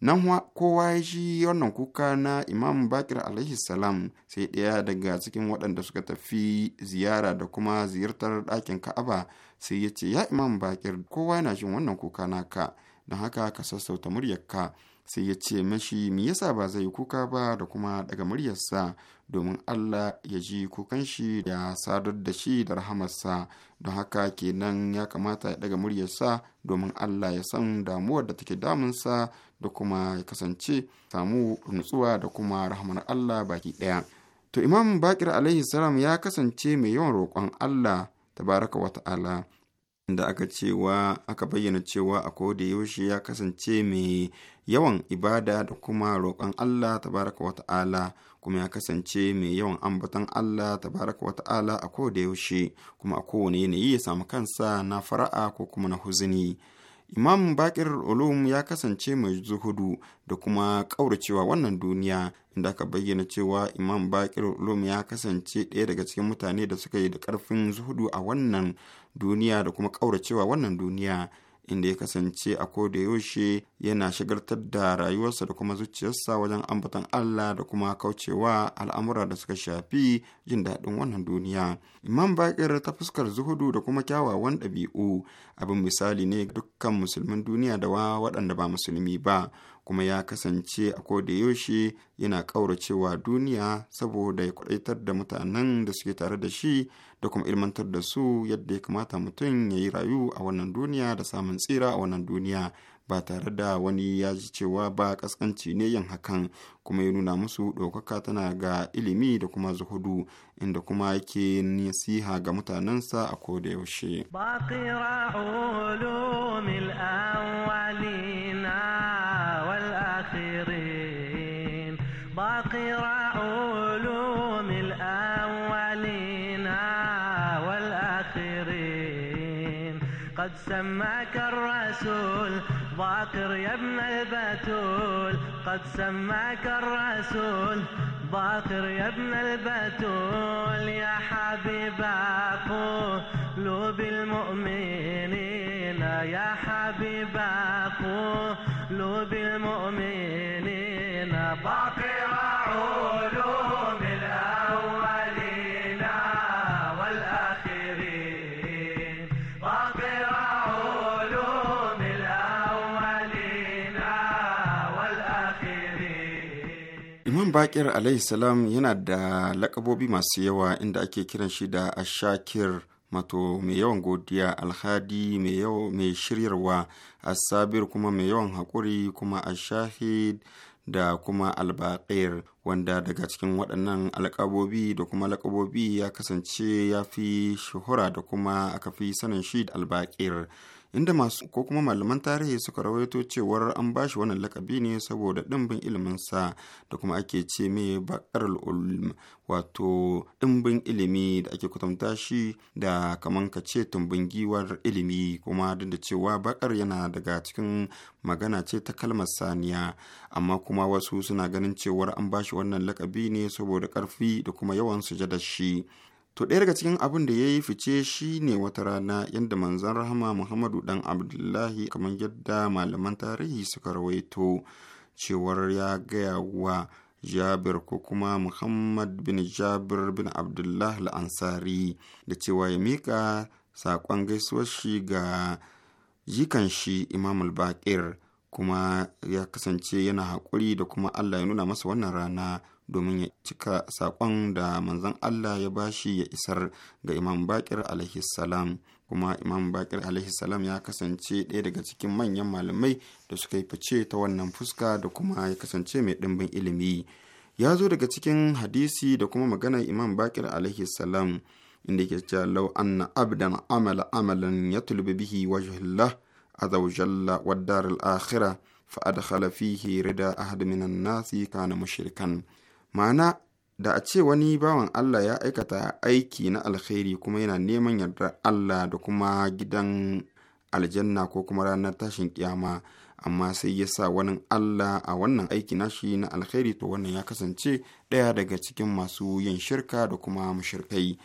nan kowa ya ji wannan kuka na imam bakir alaihi salam sai ɗaya daga cikin waɗanda suka tafi ziyara da kuma ziyartar ɗakin ka'aba sai ya ce ya imam bakir kowa yana jin wannan kuka naka da haka ka sassauta muryarka sai ya ce mashi me yasa ba zai kuka ba da kuma daga muryarsa domin Allah ya ji kukan shi ya sadar da shi da rahamarsa don haka kenan ya kamata ya daga muryarsa domin Allah ya san damuwar da take damunsa da kuma ya kasance samu nutsuwa da kuma rahamar Allah baki ɗaya. To Imam Bakir alaihi salam ya kasance mai yawan roƙon Allah tabaraka wa ta'ala da aka cewa aka bayyana cewa a koda yaushe ya kasance mai yawan ibada da kuma roƙon Allah tabaraka wa ta'ala kuma ya kasance mai yawan ambatan Allah tabaraka wa ta'ala a koda yaushe kuma a kowane yanayi ya samu kansa na fara'a ko kuma na huzuni imam bakir ulum ya kasance mai zuhudu da kuma ƙauracewa wannan duniya inda aka bayyana cewa imam bakir ulum ya kasance ɗaya daga cikin mutane da suka yi da ƙarfin zuhudu a wannan duniya da kuma ƙauracewa wannan duniya inda ya kasance a da yaushe yana shagartar da rayuwarsa da kuma zuciyarsa wajen ambaton Allah da kuma kaucewa al'amura da suka shafi jin daɗin wannan duniya. Imam Bakir ta fuskar zuhudu da kuma kyawawan ɗabi'u abin misali ne dukkan musulmin duniya da waɗanda ba musulmi ba kuma ya kasance a koda yaushe yana ƙauracewa duniya saboda ya kwaɗaitar da mutanen da suke tare da shi da kuma ilmantar da su yadda ya kamata mutum ya yi rayu a wannan duniya da samun tsira a wannan duniya ba tare da wani ya ji cewa ba kaskanci ne yin hakan kuma ya nuna musu ɗaukaka tana ga ilimi da kuma zuhudu inda kuma yake nasiha ga mutanensa a koda yaushe. سماك الرسول باكر يا ابن البتول قد سماك الرسول باكر يا ابن البتول يا حبيب قلوب المؤمنين يا حبيب قلوب المؤمنين bakir alayhi salam yana da lakabobi masu yawa inda ake kiran shi da ashakir mato mai yawan godiya alhadi mai shiryarwa asabir kuma mai yawan haƙuri kuma ashahid da kuma albaƙir wanda daga cikin waɗannan alƙabobi da kuma lakabobi ya kasance ya fi shuhura da kuma aka fi sanin shi da albaƙir inda masu ko kuma malaman tarihi suka rawaito cewar an ba shi wannan lakabi ne saboda ɗimbin iliminsa da kuma ake ce mai bakar ulm wato ɗimbin ilimi da ake kwatanta shi da kaman ka ce tumbin giwar ilimi kuma duk da cewa bakar yana daga cikin magana ce ta kalmar saniya amma kuma wasu suna ganin cewar an ba shi wannan lakabi ne saboda ƙarfi da kuma yawan sujada shi To ɗaya daga cikin abin da ya yi fice shi ne wata rana yadda manzan rahama Muhammadu dan Abdullahi kamar yadda malaman tarihi suka rawaito cewar ya gaya wa Jabir ko kuma Muhammad bin Jabir bin Abdullahi la'Ansari, da cewa ya mika saƙon gaisuwar shi ga jikan shi Imam baƙir kuma ya kasance yana haƙuri da kuma Allah ya nuna masa wannan rana domin ya cika saƙon da manzon Allah ya bashi ya isar ga Imam Bakir alaihi salam kuma Imam Bakir alaihi salam ya kasance ɗaya daga cikin manyan malamai da suka yi fice ta wannan fuska da kuma ya kasance mai ɗimbin ilimi ya zo daga cikin hadisi da kuma maganar Imam Bakir alaihi salam inda yake cewa law anna abdan amala amalan yatlubu bihi wajhullah azza wa wad dar akhirah fa adkhala fihi rida ahad nasi kana mushrikan ma'ana da a ce wani bawan Allah ya aikata aiki na alkhairi kuma yana neman yarda Allah da kuma gidan aljanna ko kuma ranar tashin kiyama amma sai ya sa wani Allah a wannan aiki shi na alkhairi to wannan ya kasance ɗaya daga cikin masu yin shirka da kuma mushirkai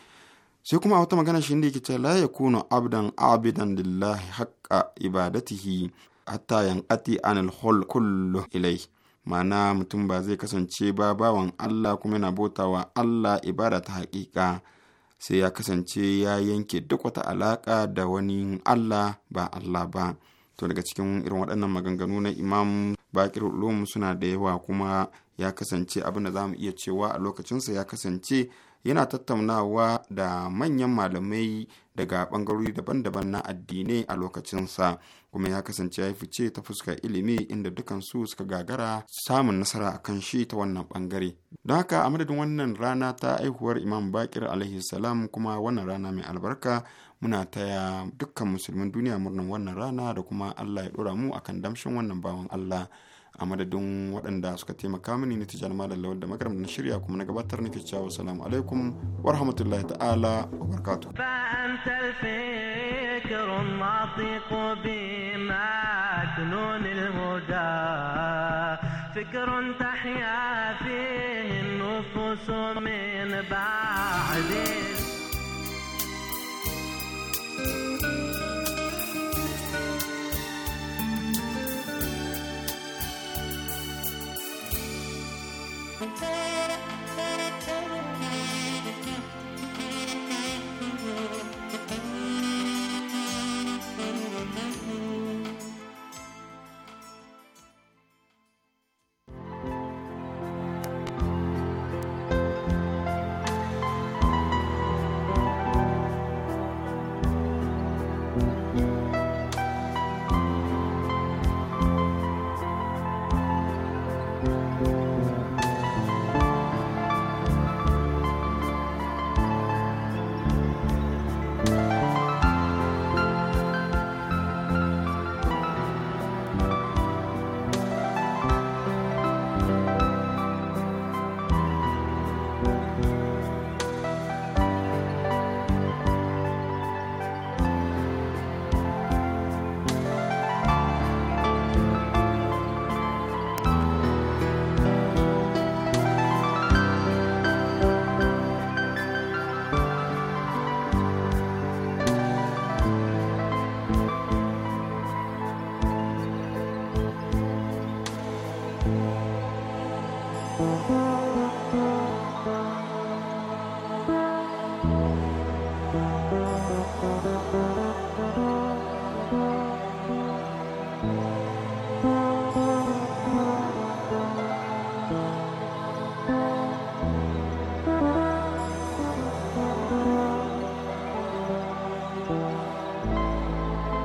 sai kuma wata magana shi ne yake ce la yakunu abdan abidan lillahi haqqa ibadatihi hatta yanqati anil khul kullu ilai ma'ana mutum ba zai kasance ba bawan Allah kuma yana bauta wa Allah ibada ta haƙiƙa sai ya kasance ya yanke duk wata alaƙa da wani Allah ba Allah ba to daga cikin irin waɗannan maganganu na imam bakir ulum suna da yawa kuma ya kasance abin da za mu iya cewa a lokacinsa ya kasance yana tattaunawa da manyan malamai daga bangarori daban-daban na addinai a lokacinsa kuma ya kasance ya fice ta fuska ilimi inda dukansu suka gagara samun nasara a kan shi ta wannan bangare don haka a madadin wannan rana ta aihuwar imam bakir alaihi salam kuma wannan rana mai albarka muna taya dukkan musulmin duniya murnan wannan rana da kuma allah ya dora mu akan damshin wannan bawan allah a madadin waɗanda suka taimaka mini na tijjani malam lawal da magaram na shirya kuma na gabatar nake cewa salamu alaikum wa rahmatullahi ta'ala wa barakatuh فكر تحيا فيه النفوس من بعد